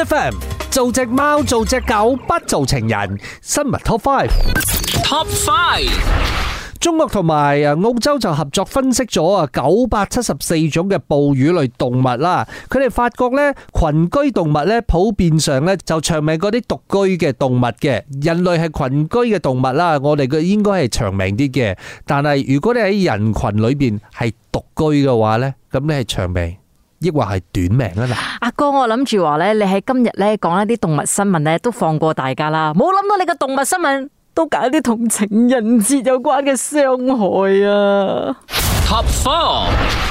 F M 做隻貓做隻狗不做情人新聞 Top Five Top Five 中國同埋誒澳洲就合作分析咗啊九百七十四種嘅哺乳類動物啦，佢哋發覺呢群居動物呢普遍上呢就長命過啲獨居嘅動物嘅，人類係群居嘅動物啦，我哋嘅應該係長命啲嘅，但係如果你喺人群裏邊係獨居嘅話呢，咁你係長命。抑或係短命嗱？阿哥，哥，我諗住話咧，你喺今日咧講一啲動物新聞咧，都放過大家啦，冇諗到你個動物新聞都搞啲同情人節有關嘅傷害啊！Top four。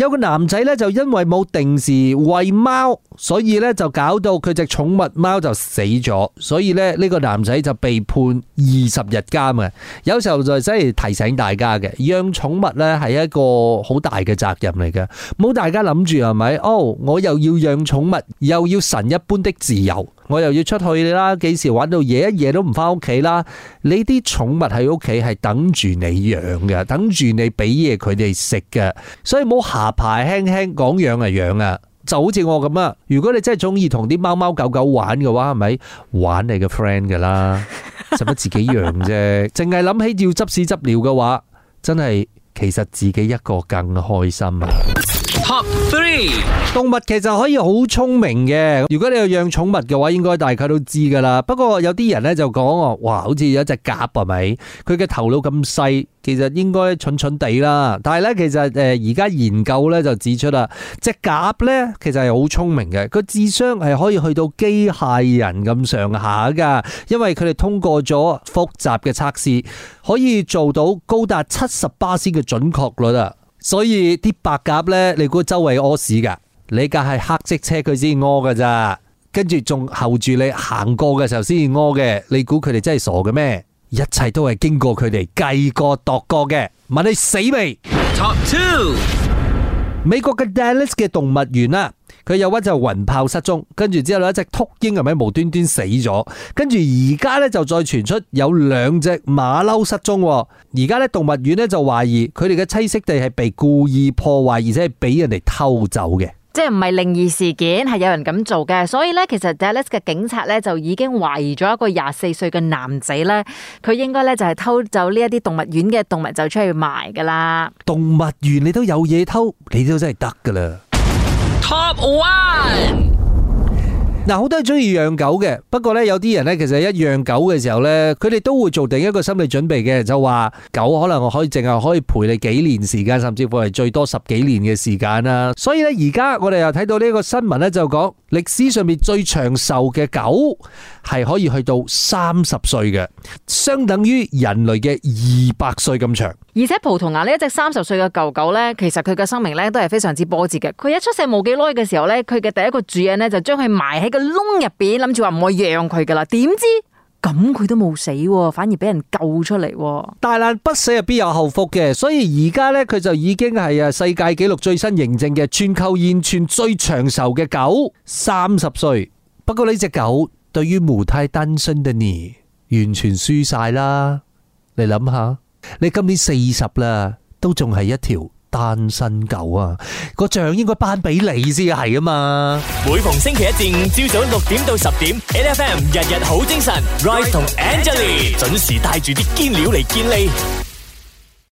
有個男仔咧就因為冇定時喂貓，所以咧就搞到佢隻寵物貓就死咗，所以咧呢個男仔就被判二十日監嘅。有時候就真係提醒大家嘅，養寵物咧係一個好大嘅責任嚟嘅。冇大家諗住係咪？哦，oh, 我又要養寵物，又要神一般的自由。我又要出去啦，幾時玩到夜一夜都唔翻屋企啦？你啲寵物喺屋企係等住你養嘅，等住你俾嘢佢哋食嘅，所以冇下排輕輕講養啊養啊，就好似我咁啊！如果你真係中意同啲貓貓狗狗玩嘅話，係咪玩你嘅 friend 噶啦？使乜自己養啫？淨係諗起要執屎執尿嘅話，真係。其實自己一個更開心啊！Top three 3 動物其實可以好聰明嘅，如果你有養寵物嘅話，應該大家都知噶啦。不過有啲人咧就講哦，哇，好似有一隻鴿係咪？佢嘅頭腦咁細。其實應該蠢蠢地啦，但係咧，其實誒，而家研究咧就指出啦，隻鴿咧其實係好聰明嘅，個智商係可以去到機械人咁上下噶，因為佢哋通過咗複雜嘅測試，可以做到高達七十八先嘅準確率啦。所以啲白鴿咧，你估周圍屙屎噶？你架係黑色車佢先屙噶咋？跟住仲后住你行過嘅時候先屙嘅，你估佢哋真係傻嘅咩？一切都係經過佢哋計過度過嘅，問你死未？Top two，美國嘅 Dallas 嘅動物園啦，佢有一隻雲豹失蹤，跟住之後呢一隻禿鷹係咪無端端死咗？跟住而家呢，就再傳出有兩隻馬騮失蹤，而家呢，動物園呢，就懷疑佢哋嘅棲息地係被故意破壞，而且係俾人哋偷走嘅。即係唔係靈異事件，係有人咁做嘅，所以咧，其實 Dallas 嘅警察咧就已經懷疑咗一個廿四歲嘅男仔咧，佢應該咧就係偷走呢一啲動物園嘅動物就出去賣噶啦。動物園你都有嘢偷，你都真係得噶啦。Top One。嗱，好多係中意養狗嘅，不過呢，有啲人呢，其實一養狗嘅時候呢，佢哋都會做定一個心理準備嘅，就話狗可能我可以淨係可以陪你幾年時間，甚至乎係最多十幾年嘅時間啦。所以呢，而家我哋又睇到呢個新聞呢，就講歷史上面最長壽嘅狗係可以去到三十歲嘅，相等於人類嘅二百歲咁長。而且葡萄牙呢一隻三十歲嘅狗狗呢，其實佢嘅生命呢都係非常之波折嘅。佢一出世冇幾耐嘅時候呢，佢嘅第一個主人呢就將佢埋喺個窿入邊，諗住話唔可以養佢噶啦。點知咁佢都冇死，反而俾人救出嚟。大難不死啊，必有後福嘅。所以而家呢，佢就已經係啊世界紀錄最新認證嘅全球現存最長壽嘅狗，三十歲。不過呢隻狗對於無胎單身的你完全輸曬啦，你諗下。你今年四十啦，都仲係一條單身狗啊！個獎應該頒俾你先係啊嘛！每逢星期一至五朝早六點到十點，N F M 日日好精神，Rise Right 同 Angelie 準時帶住啲堅料嚟堅你。